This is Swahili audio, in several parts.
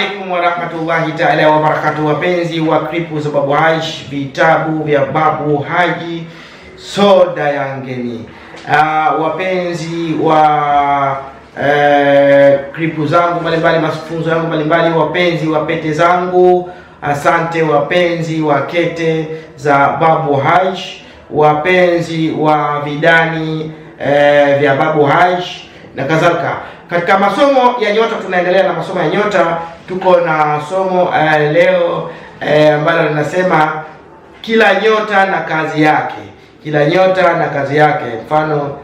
alaikum warahmatullahi taala wabarakatu, wapenzi wa kripu za Babu Haji, vitabu vya Babu Haji, soda yangeni. Uh, ah, wapenzi wa uh, eh, kripu zangu mbalimbali, mafunzo yangu mbalimbali, wapenzi wa pete zangu, asante. Wapenzi wa kete za Babu Haji, wapenzi wa vidani uh, vya Babu Haji na kadhalika. Katika masomo ya nyota, tunaendelea na masomo ya nyota. Tuko na somo uh, leo eh, ambalo uh, linasema kila nyota na kazi yake, kila nyota na kazi yake. Mfano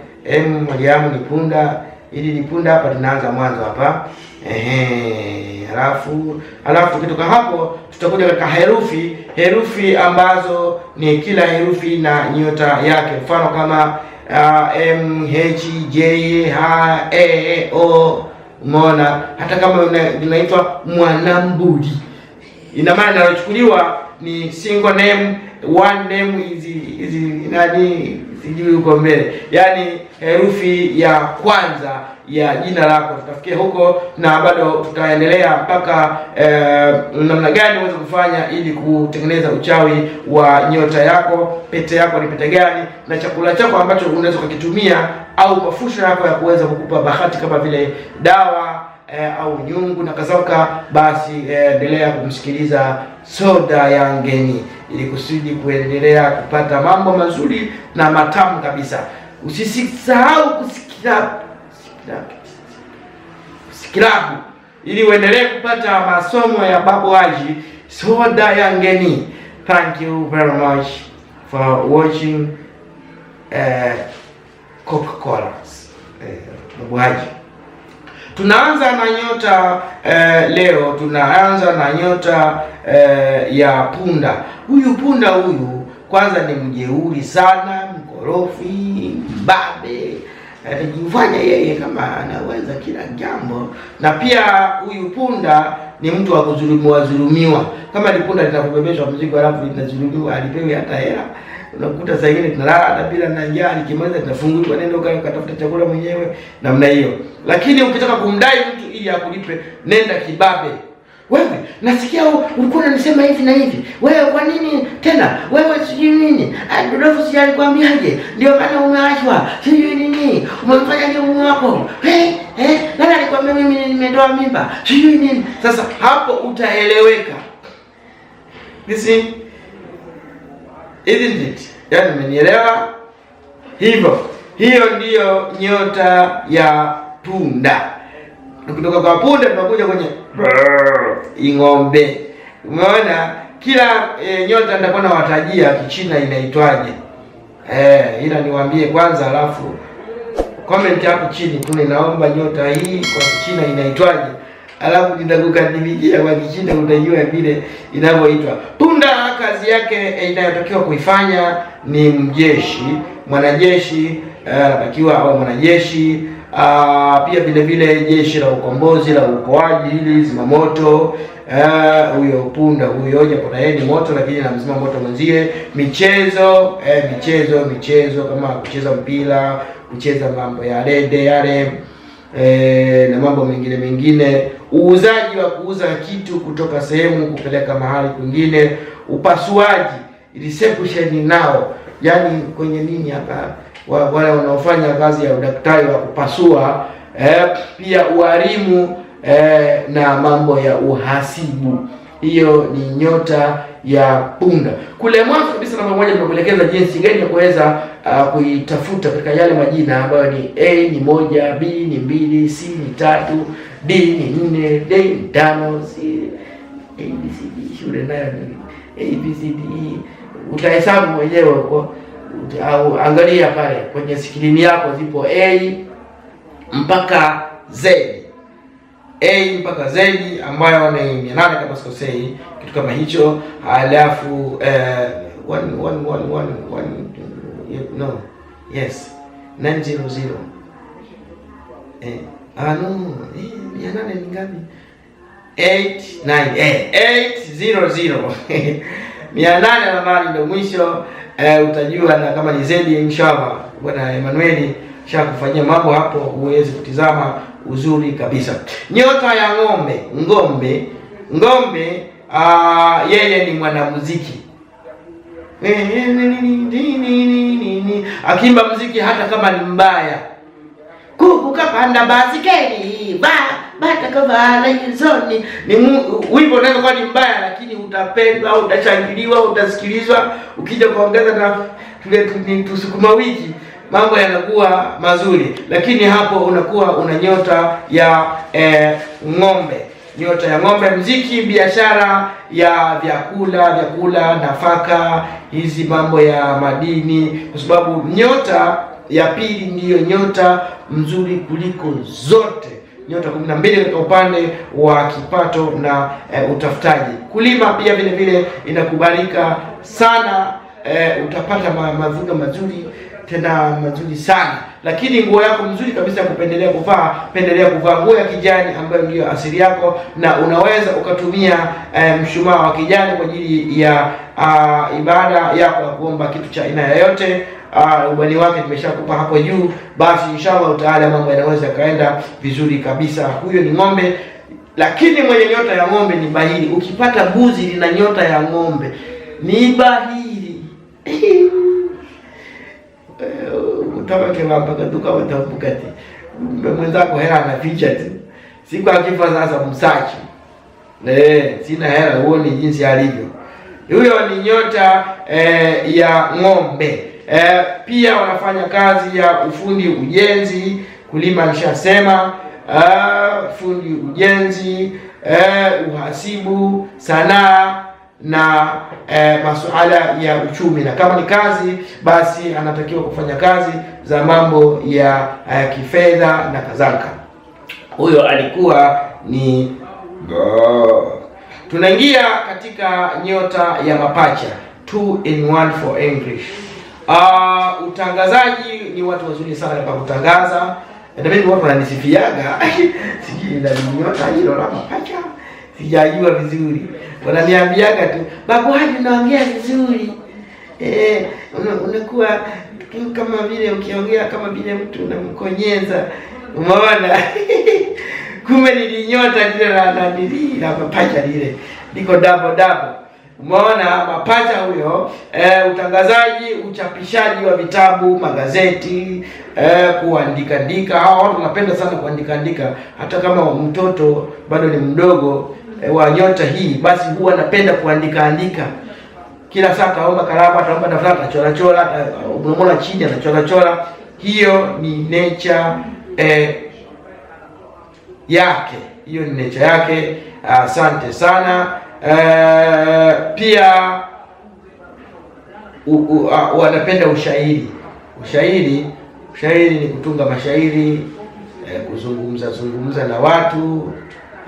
Mariamu ni punda, ili ni punda hapa, tunaanza mwanzo hapa ehe, halafu halafu kitoka hapo tutakuja katika herufi, herufi ambazo ni kila herufi na nyota yake, mfano kama M, H, J, H, E, O. Umeona, hata kama unaitwa mwanambudi, ina maana linalochukuliwa ni single name one name hizi hizi nani sijui huko mbele, yaani herufi ya kwanza ya jina lako. Tutafikia huko na bado tutaendelea mpaka eh, namna gani uweze kufanya ili kutengeneza uchawi wa nyota yako, pete yako ni pete gani, na chakula chako ambacho unaweza ukakitumia, au mafusho yako ya kuweza kukupa bahati kama vile dawa e, au nyungu na kadhalika, basi eh, endelea kumsikiliza Soda ya Ngeni ili kusudi kuendelea kupata mambo mazuri na matamu kabisa. Usisahau kusikiliza kusikirabu ili uendelee kupata masomo ya Babu Haji Soda ya Ngeni. Thank you very much for watching uh, Coca-Cola uh, Babu Haji. Tunaanza na nyota eh, leo tunaanza na nyota eh, ya punda. Huyu punda huyu kwanza ni mjeuri sana, mkorofi, mbabe, anajifanya eh, yeye kama anaweza kila jambo, na pia huyu punda ni mtu wa kuzulumiwa zulumiwa, Kama lipunda linapobebeshwa mzigo alafu linazulumiwa, alipewi hata hela unakuta saa ingine tunalala bila na njaa, nikimaliza tunafunguliwa nenda ukatafuta chakula mwenyewe namna hiyo. Lakini ukitaka kumdai mtu ili akulipe, nenda kibabe. Wewe nasikia ulikuwa unanisema hivi na hivi, wewe kwa nini tena wewe sijui nini, Adolfu si alikwambiaje? Ndio maana umeachwa sijui nini, ni mume wako nani alikwambia mimi nimetoa mimba sijui nini? Sasa hapo utaeleweka. Isn't it? Yaani umenielewa? Hivyo hiyo ndiyo nyota ya punda. Ukitoka kwa punda tunakuja kwenye ing'ombe. Umeona kila e, nyota nitakuwa nawatajia Kichina inaitwaje. Eh, ila niwaambie kwanza alafu comment hapo chini kuna inaomba nyota hii kwa Kichina inaitwaje alafu nitakukadhibia kwa kishindo, utajua vile inavyoitwa Punda. Kazi yake eh, inayotakiwa kuifanya ni mjeshi, mwanajeshi eh, anatakiwa uh, awe mwanajeshi uh, pia vile vile jeshi la ukombozi la uokoaji, hili zimamoto eh, huyo uh, punda huyo, japo na yeye ni moto lakini namzima moto mwenzie. Michezo eh, michezo michezo kama kucheza mpira, kucheza mambo ya rede yale eh, na mambo mengine mengine uuzaji wa kuuza kitu kutoka sehemu kupeleka mahali kwingine, upasuaji reception nao, yani kwenye nini hapa, wale wanaofanya kazi ya udaktari wa kupasua eh, pia uharimu eh, na mambo ya uhasibu. Hiyo ni nyota ya punda. Kule mwanzo kabisa namba moja tunakuelekeza jinsi gani ya kuweza uh, kuitafuta katika yale majina ambayo ni A ni moja, B ni mbili, C ni tatu D ni nne, D ni tano, si ABCD Shule nayo ni ABCD. E. utahesabu mwenyewe huko au angalia pale kwenye skrini yako, zipo A mpaka Z, A mpaka Z ambayo ni mia nane kama sikosei, kitu kama hicho. Halafu eh, one, one, one, one, one, no yes 900 eh Halo, ah, eh, mia nane ni ngapi? 890 eh, mia nane na ndio mwisho. Eh, utajua na kama ni zedi inshallah. Bwana Emanueli shakufanyia mambo hapo, uweze kutizama uzuri kabisa. Nyota ya ng'ombe ng'ombe ng'ombe, aa, ah, yeye ni mwanamuziki akimba muziki hata kama ni mbaya kuku kapanda bazikeni ba bata kavala izoni. Ni wimbo unaweza kuwa ni mbaya, lakini utapendwa, utashangiliwa, utasikilizwa. Ukija kuongeza na tule tusukuma wiki, mambo yanakuwa mazuri, lakini hapo unakuwa una nyota ya eh, ng'ombe nyota ya ng'ombe, mziki, biashara ya vyakula, vyakula, nafaka, hizi mambo ya madini, kwa sababu nyota ya pili ndiyo nyota mzuri kuliko zote, nyota 12 katika upande wa kipato na e, utafutaji. Kulima pia vile vile inakubalika sana e, utapata ma, mavuno mazuri tena mazuri sana. Lakini nguo yako mzuri kabisa ya kupendelea kuvaa, pendelea kuvaa nguo ya kijani ambayo ndiyo asili yako, na unaweza ukatumia e, mshumaa wa kijani kwa ajili ya a, ah, ibada yako ya kuomba kitu cha aina yoyote. Ah, ubali wake tumeshakupa hapo juu, basi inshallah taala mambo yanaweza kaenda vizuri kabisa. Huyo ni ng'ombe, lakini mwenye nyota ya ng'ombe ni bahili. Ukipata buzi lina nyota ya ng'ombe ni bahili eh, utakakewapakatukawatampukati mwenzako hela anaficha tu, siku akifa sasa msachi. Eh, sina hela, huoni jinsi alivyo. Huyo ni nyota eh, ya ng'ombe. E, pia wanafanya kazi ya ufundi ujenzi, kulima nishasema, eh, ufundi fundi ujenzi e, uhasibu, sanaa na e, masuala ya uchumi, na kama ni kazi basi anatakiwa kufanya kazi za mambo ya e, kifedha na kadhalika. Huyo alikuwa ni go. Tunaingia katika nyota ya mapacha, two in one for English. Uh, utangazaji ni watu wazuri sana kwa kutangaza. Na mimi watu wananisifiaga. Sijui na nyota hilo la mapacha. Sijajua vizuri. Wananiambiaga tu, "Babu hadi unaongea vizuri." Eh, unakuwa kama vile ukiongea kama vile mtu unamkonyeza. Umeona? Kumbe nilinyota lile la nadiri la mapacha lile. Niko double double. Umeona mapacha huyo e, utangazaji, uchapishaji wa vitabu, magazeti e, eh, kuandika andika. Hawa watu wanapenda sana kuandika andika, hata kama mtoto bado ni mdogo e, wa nyota hii, basi huwa anapenda kuandika andika kila saa ataomba kalamu, ataomba daftari, atachora chora, unamwona chini atachora chora. Hiyo ni nature e, yake, hiyo ni nature yake. Asante sana uh, pia wanapenda ushairi. Ushairi, ushairi ni kutunga mashairi eh, kuzungumza zungumza na watu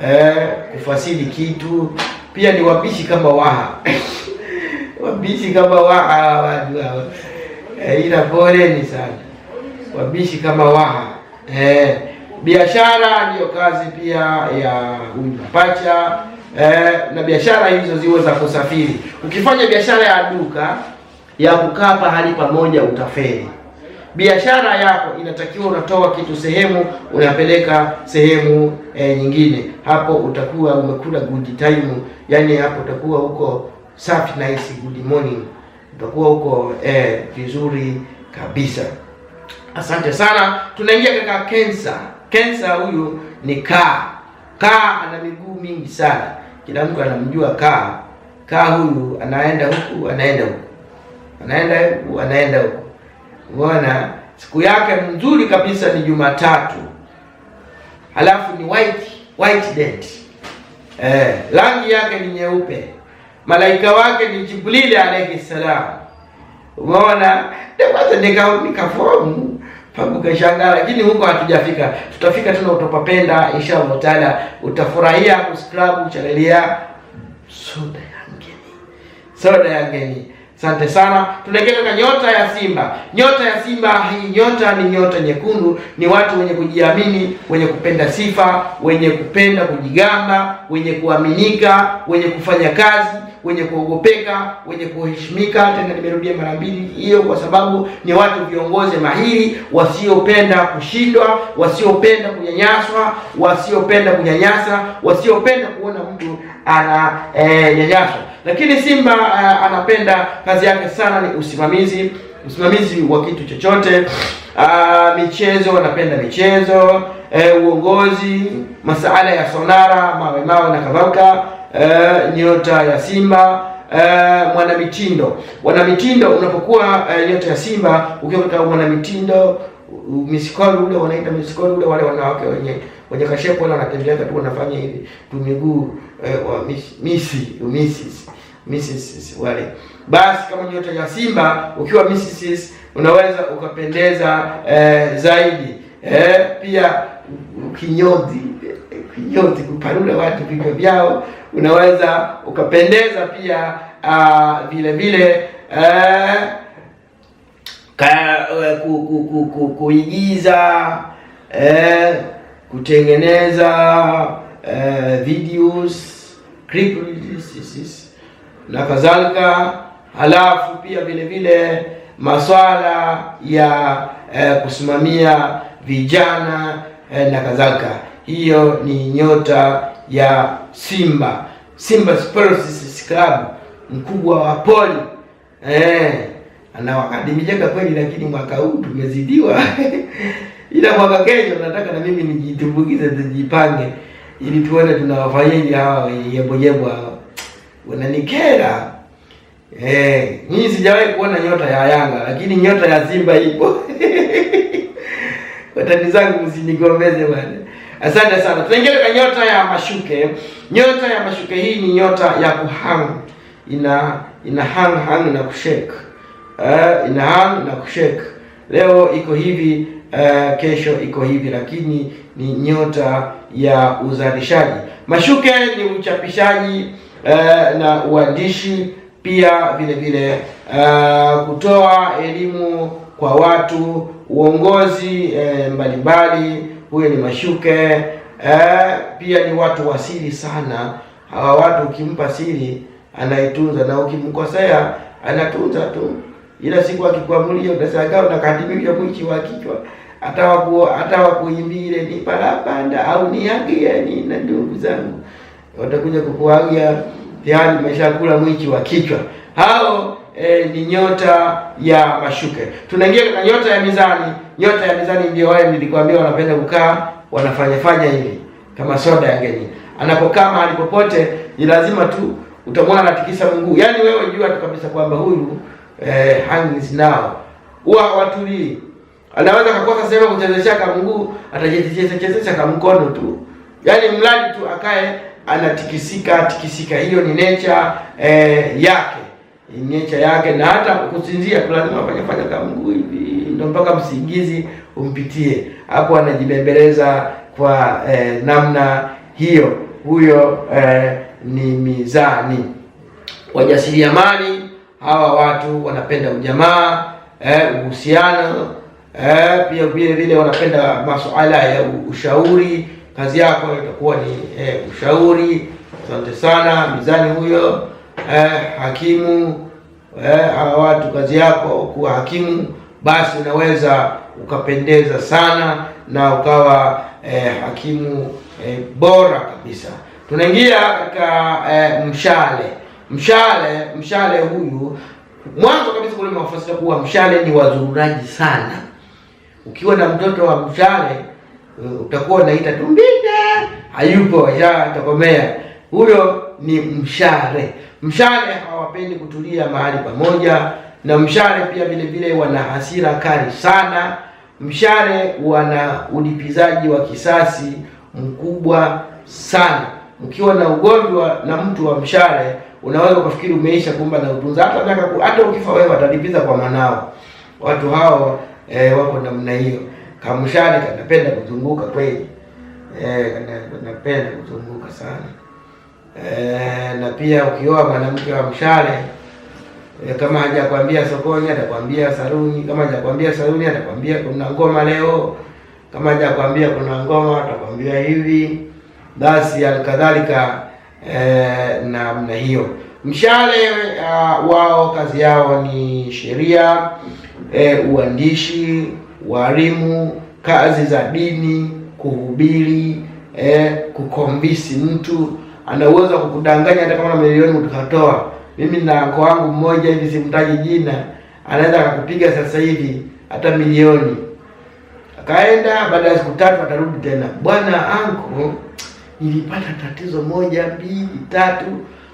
eh, kufasiri kitu. Pia ni wabishi kama Waha wabishi kama Waha watu eh, ila poleni sana wabishi kama Waha eh, biashara ndiyo kazi pia ya huyu mapacha eh, na biashara hizo ziwe za kusafiri. Ukifanya biashara ya duka ya kukaa pahali pamoja utafeli. Biashara yako inatakiwa unatoa kitu sehemu unapeleka sehemu e, nyingine. Hapo utakuwa umekula good time, yani hapo utakuwa huko safi nice, good morning, utakuwa huko e, eh, vizuri kabisa. Asante sana, tunaingia katika kensa. Kensa huyu ni kaa Kaa ana miguu mingi sana, kila mtu anamjua Kaa. Kaa huyu anaenda huku anaenda huku anaenda huku anaenda huku. Umeona, siku yake nzuri kabisa ni Jumatatu, halafu ni white white dent Eh, rangi yake ni nyeupe, malaika wake ni Jibril alayhi salam. Umeona, ndio kwanza nikafomu Ukashangaa, lakini huko hatujafika, tutafika tena, utopapenda inshallah taala, utafurahia kusubscribe chaneli ya Soda ya Ngeni, Soda ya Ngeni. Asante sana, tuelekee katika nyota ya Simba. Nyota ya Simba hii nyota ni nyota nyekundu, ni watu wenye kujiamini, wenye kupenda sifa, wenye kupenda kujigamba, wenye kuaminika, wenye kufanya kazi, wenye kuogopeka, wenye kuheshimika. Tena nimerudia mara mbili hiyo, kwa sababu ni watu viongozi mahiri, wasiopenda kushindwa, wasiopenda kunyanyaswa, wasiopenda kunyanyasa, wasiopenda kuona mtu ananyanyaswa. Eh, e, lakini Simba uh, anapenda kazi yake sana ni usimamizi, usimamizi wa kitu chochote uh, michezo, wanapenda michezo uh, uongozi, masuala ya sonara, mawe mawe na kadhalika uh, nyota ya Simba Uh, mwanamitindo wanamitindo, unapokuwa uh, nyota ya Simba ukiwa mwanamitindo, misikoli ule wanaita misikoli ule, wale wanawake wenyewe Mwenye kashapo wala anatembeanga tu anafanya hivi tu miguu eh, misi misis misis wale. Basi kama nyota ya Simba ukiwa misis unaweza ukapendeza eh, zaidi eh, pia kinyoti kinyoti kuparula watu vichwa vyao unaweza ukapendeza pia uh, vile vile eh, eh ku, ku, ku, ku, kuigiza eh, kutengeneza uh, videos clips na kadhalika. Halafu pia vile vile maswala ya uh, kusimamia vijana uh, na kadhalika. Hiyo ni nyota ya Simba Simba Sports Club, mkubwa wa poli eh, anawakadimijaka kweli, lakini mwaka huu tumezidiwa ila kwa kesho nataka na mimi nijitumbukize, tujipange ili tuone tunawafanyaje hawa yebojebwa hawa, wananikera eh. Mimi sijawahi kuona nyota ya Yanga, lakini nyota ya Simba ipo. Watani zangu msinigombeze bwana. Asante sana. Tunaingia kwa nyota ya mashuke. Nyota ya mashuke hii ni nyota ya kuhang. Ina ina hang hang na kushake. Eh, ina hang na kushake. Leo iko hivi uh, kesho iko hivi, lakini ni nyota ya uzalishaji. Mashuke ni uchapishaji uh, na uandishi pia vile vile uh, kutoa elimu kwa watu, uongozi uh, mbalimbali. Huyo ni mashuke uh, pia ni watu wa siri sana. Hawa watu ukimpa siri anaitunza na ukimkosea anatunza tu, ila siku akikuamulia utashangaa unakadimia mwichi wa kichwa atawaku atawakuimbile ni parapanda au niagie ni na ndugu zangu watakuja kukuagia tayari umeshakula mwichi wa kichwa hao. E, ni nyota ya mashuke. Tunaingia katika nyota ya mizani. Nyota ya mizani ndio wale nilikwambia wanapenda kukaa wanafanya fanya hivi kama soda ya ngenyi, anapokaa mahali popote ni lazima tu utamwona anatikisa mguu, yaani wewe jua tu kabisa kwamba huyu eh, hangs nao huwa hawatulii anaweza kakosa sehemu kuchezesha kamguu, chezesha kamkono tu, yaani mradi tu akae anatikisika tikisika. Hiyo ni nature eh, yake nature yake, na hata kusinzia tu lazima afanye fanya kamguu hivi, ndio mpaka msingizi umpitie hapo, anajibembeleza kwa eh, namna hiyo. Huyo eh, ni mizani. Wajasiriamali hawa watu wanapenda ujamaa, eh, uhusiano eh, pia vile vile wanapenda masuala ya ushauri. Kazi yako itakuwa ni eh, ushauri. Asante sana mizani huyo eh, hakimu eh, hawa watu kazi yako kuwa hakimu, basi unaweza ukapendeza sana na ukawa eh, hakimu eh, bora kabisa. Tunaingia katika eh, mshale mshale mshale huyu mwanzo kabisa kule mafasiri kuwa mshale ni wazururaji sana ukiwa na mtoto wa mshale eh, utakuwa unaita tumbika, hayupo ya tokomea. Huyo ni mshale. Mshale hawapendi kutulia mahali pamoja, na mshale pia vile vile wana hasira kali sana. Mshale wana ulipizaji wa kisasi mkubwa sana. Ukiwa na ugonjwa na mtu wa mshale, unaweza ukafikiri umeisha, kumba na utunza hata hata ukifa wewe watalipiza kwa manao. Watu hao e, eh, wako namna hiyo. Kamshani kanapenda kuzunguka kweli, e, kanapenda kuzunguka sana e, na pia ukioa mwanamke wa mshale e, kama hajakwambia sokoni atakwambia saruni, kama hajakwambia saruni atakwambia kuna ngoma leo, kama hajakwambia kuna ngoma atakwambia hivi, basi alikadhalika e, namna hiyo mshale uh, wao kazi yao ni sheria e, uandishi, walimu, kazi za dini, kuhubiri, e, kukombisi. Mtu ana uwezo wa kukudanganya hata kama na milioni utakatoa. Mimi na anko wangu mmoja hivi, simtaji jina, anaweza akakupiga sasa hivi hata milioni akaenda, baada ya siku tatu atarudi tena, bwana anko, nilipata tatizo moja mbili tatu,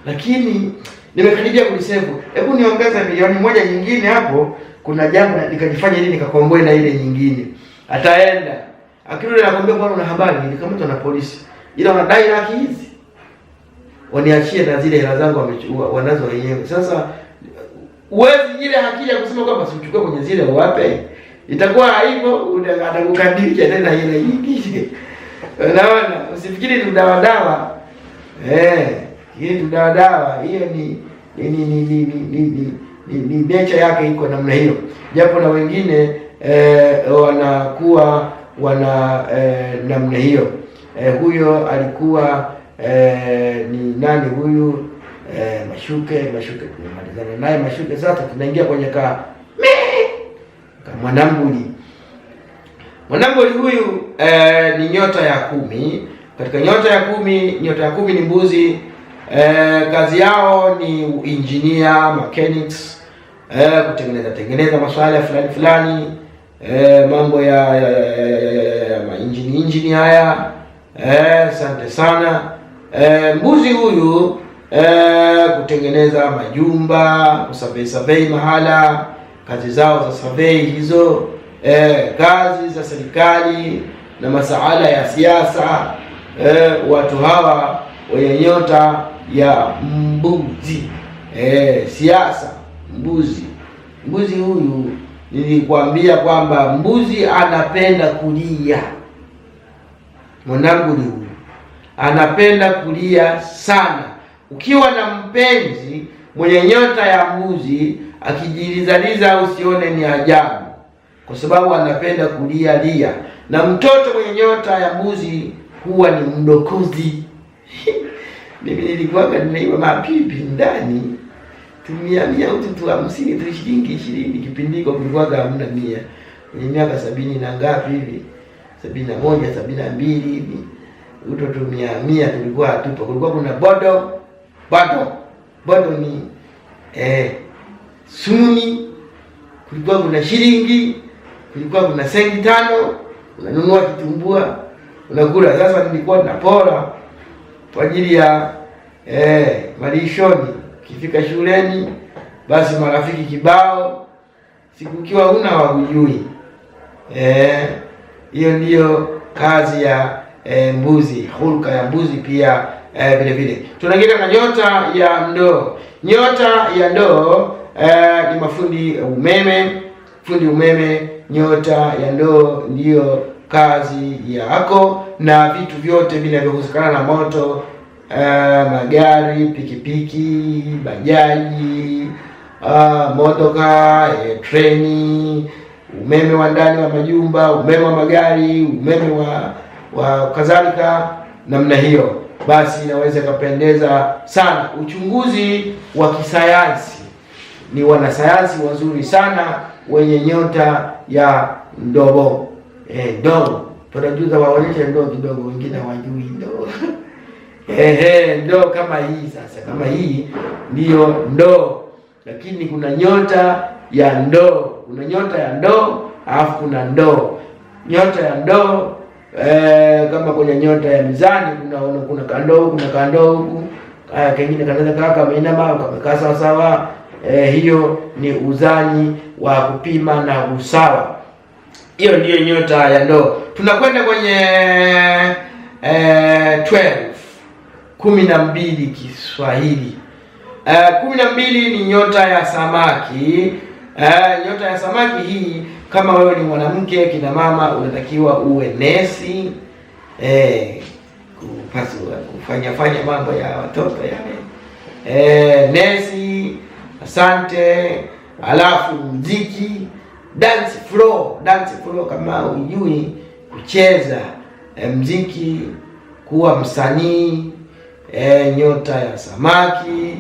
lakini nimekaribia kulisevu, hebu niongeza milioni moja nyingine hapo kuna jambo nikajifanya nini nikakomboe na ile nyingine. Ataenda akirudi anakwambia bwana, una habari nilikamatwa na polisi, ila wanadai laki hizi, waniachie na zile hela zangu wanazo wenyewe. Sasa uwezi ile haki ya kusema kwamba sichukue kwenye zile uwape, itakuwa hivyo atakukadirisha tena ile nyingine. Unaona, usifikiri tudawadawa eh, hii dawa, hiyo ni ni ni ni ni ni, ni nature yake iko namna hiyo, japo na wengine eh, wanakuwa wana eh, namna hiyo eh, huyo alikuwa eh, ni nani huyu eh, Mashuke. Mashuke tumemalizana naye Mashuke, sasa tunaingia kwenye ka Mwanambuli. Mwanambuli huyu eh, ni nyota ya kumi. Katika nyota ya kumi, nyota ya kumi ni mbuzi eh, kazi yao ni engineer mechanics, eh, kutengeneza tengeneza masuala fulani fulani, eh, mambo ya ya, ya, ya, ya, ya, ya injini injini haya. Eh, asante sana eh, mbuzi huyu eh, kutengeneza majumba, kusurvey survey mahala, kazi zao za survey hizo eh, kazi za serikali na masuala ya siasa eh, watu hawa wenye nyota ya mbuzi eh, siasa mbuzi. Mbuzi huyu nilikwambia kwamba mbuzi anapenda kulia, mwanangu ni huyu, anapenda kulia sana. Ukiwa na mpenzi mwenye nyota ya mbuzi akijilizaliza, usione ni ajabu, kwa sababu anapenda kulia lia, na mtoto mwenye nyota ya mbuzi huwa ni mdokozi Mimi nilikuwa nimeiba mapipi ndani tumia mia au tu hamsini tu shilingi ishirini, kipindi hiko hamna mia, kwenye miaka sabini na ngapi hivi, sabini na moja sabini na mbili hivi, uto tu mia tulikuwa hatupa. Kulikuwa kuna bodo bodo bodo ni eh, suni, kulikuwa kuna shilingi, kulikuwa kuna senti tano, unanunua kitumbua unakula. Sasa nilikuwa napora kwa ajili ya eh, malishoni. Ukifika shuleni, basi marafiki kibao, siku ukiwa huna waujui. Eh, hiyo eh, ndiyo kazi ya eh, mbuzi, hulka ya mbuzi pia eh, vile eh, vile tunaingia na nyota ya ndoo. Nyota ya ndoo eh, ni mafundi umeme, fundi umeme. Nyota ya ndoo ndiyo kazi yako na vitu vyote vinavyohusikana na moto uh, magari, pikipiki, bajaji, uh, motoka, eh, treni, umeme wa ndani wa majumba, umeme wa magari, umeme wa, wa kadhalika namna hiyo, basi inaweza ikapendeza sana. Uchunguzi wa kisayansi ni wanasayansi wazuri sana wenye nyota ya ndobo eh, ndoo tunajuza waonyeshe ndoo kidogo, wengine hawajui ndoo ehe, ndoo kama hii sasa, kama hii ndiyo ndoo, lakini kuna nyota ya ndoo, kuna nyota ya ndoo alafu kuna ndoo, nyota ya ndoo eh, kama kwenye nyota ya mizani unaona kuna kandoo, kuna kandoo huku haya, kengine kanaweza kaa kameinama kamekaa sawasawa. Eh, hiyo ni uzani wa kupima na usawa. Hiyo ndiyo nyota ya ndoo. Tunakwenda kwenye eh, 12 kumi na mbili Kiswahili eh, kumi na mbili ni nyota ya samaki eh, nyota ya samaki hii, kama wewe ni mwanamke, kina mama, unatakiwa uwe nesi eh, kupasua kufanya fanya mambo ya watoto yale eh, nesi. Asante, alafu muziki dance floor. Dance floor kama ujui kucheza e, mziki, kuwa msanii e, nyota ya samaki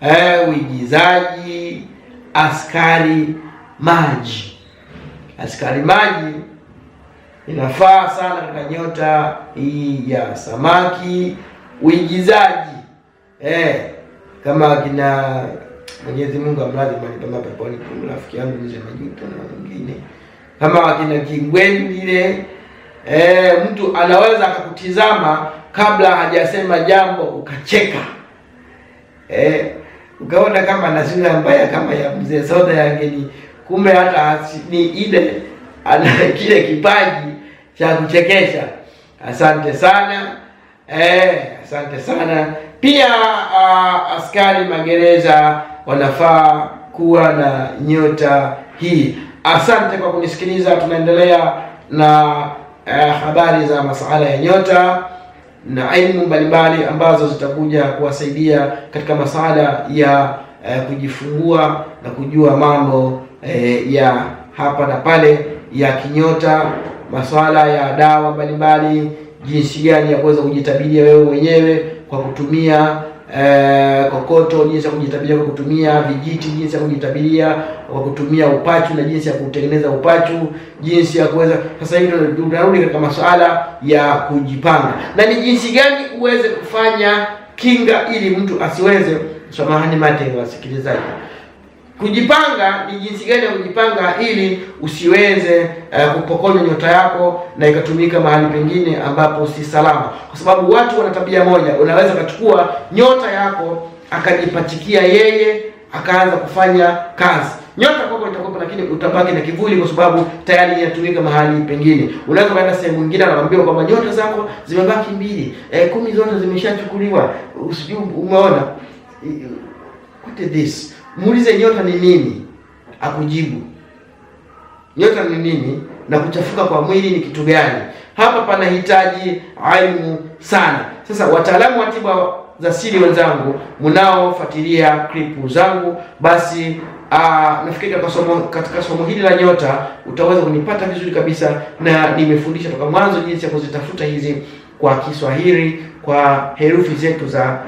e, uigizaji, askari maji. Askari maji inafaa sana katika nyota hii ya samaki, uigizaji e, kama kina Mwenyezi Mungu amlaze mahali pema peponi rafiki yangu Mzee Majuto na wengine kama wakina Kigwengile. eh, mtu anaweza akakutizama kabla hajasema jambo ukacheka, Eh, ukaona kama na sura mbaya kama ya mzee soda yangeni, kumbe hata ni ile ana kile kipaji cha kuchekesha. Asante sana eh, asante sana pia uh, askari magereza wanafaa kuwa na nyota hii. Asante kwa kunisikiliza. Tunaendelea na eh, habari za masuala ya nyota na elimu mbalimbali ambazo zitakuja kuwasaidia katika masuala ya eh, kujifungua na kujua mambo eh, ya hapa na pale ya kinyota, masuala ya dawa mbalimbali, jinsi gani ya kuweza kujitabiria wewe mwenyewe kwa kutumia Eh, kokoto, jinsi ya kujitabiria kwa kutumia vijiti, jinsi ya kujitabiria kwa kutumia upachu na jinsi ya kutengeneza upachu, jinsi ya kuweza. Sasa hivi tunarudi katika masuala ya kujipanga, na ni jinsi gani uweze kufanya kinga ili mtu asiweze. Samahani mate, wasikilizaji Kujipanga ni jinsi gani ya kujipanga ili usiweze uh, kupokonywa nyota yako na ikatumika mahali pengine ambapo si salama, kwa sababu watu wana tabia moja. Unaweza kuchukua nyota yako akajipachikia yeye akaanza kufanya kazi nyota kwako itakuwa, lakini utabaki na kivuli, kwa sababu tayari inatumika mahali pengine. Unaweza kwenda sehemu nyingine, anakuambia kwamba nyota zako zimebaki mbili, e, kumi zote zimeshachukuliwa. Usijui, umeona what this muulize nyota ni nini, akujibu nyota ni nini na kuchafuka kwa mwili ni kitu gani. Hapa panahitaji elimu sana. Sasa wataalamu wa tiba za siri wenzangu, mnaofuatilia clip zangu, basi aa, ah, nafikiri katika somo, katika somo hili la nyota utaweza kunipata vizuri kabisa, na nimefundisha toka mwanzo jinsi ya kuzitafuta hizi kwa Kiswahili kwa herufi zetu za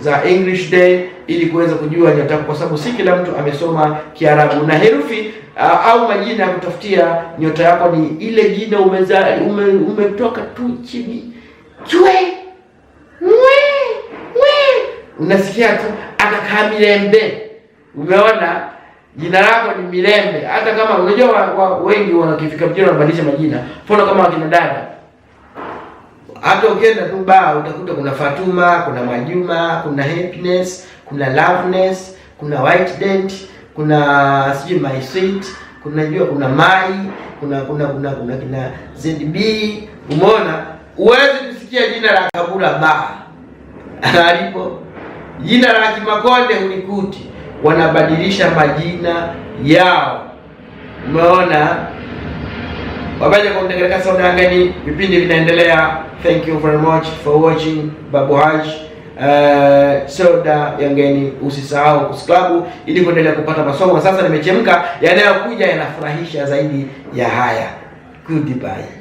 za English Day ili kuweza kujua nyota, kwa sababu si kila mtu amesoma Kiarabu na herufi uh, au majina ya kutafutia nyota yako ni ile jina umeza ume, umetoka tu chini chwe mwe mwe, unasikia tu akakaa Mirembe. Umeona jina lako ni Mirembe, hata kama unajua wa, wa, wengi wanakifika mjini wanabadilisha majina, mfano kama wakina dada hata ukienda tu baa utakuta kuna Fatuma, kuna Mwajuma, kuna Happiness, kuna Loveness, kuna White Dent, kuna sijui My Sweet, kuna jua, kuna Mai, kuna kuna kuna kuna kina ZB. Umeona, huwezi kusikia jina la Kabura baa alipo jina la Kimakonde unikuti wanabadilisha majina yao, umeona wabaja kwa kutekeleka soda angani, vipindi vinaendelea. Thank you very much for watching Babu Haji. Uh, eh, soda yangeni, usisahau kusubscribe ili kuendelea kupata masomo. Sasa nimechemka, yanayokuja yanafurahisha zaidi ya haya. Goodbye.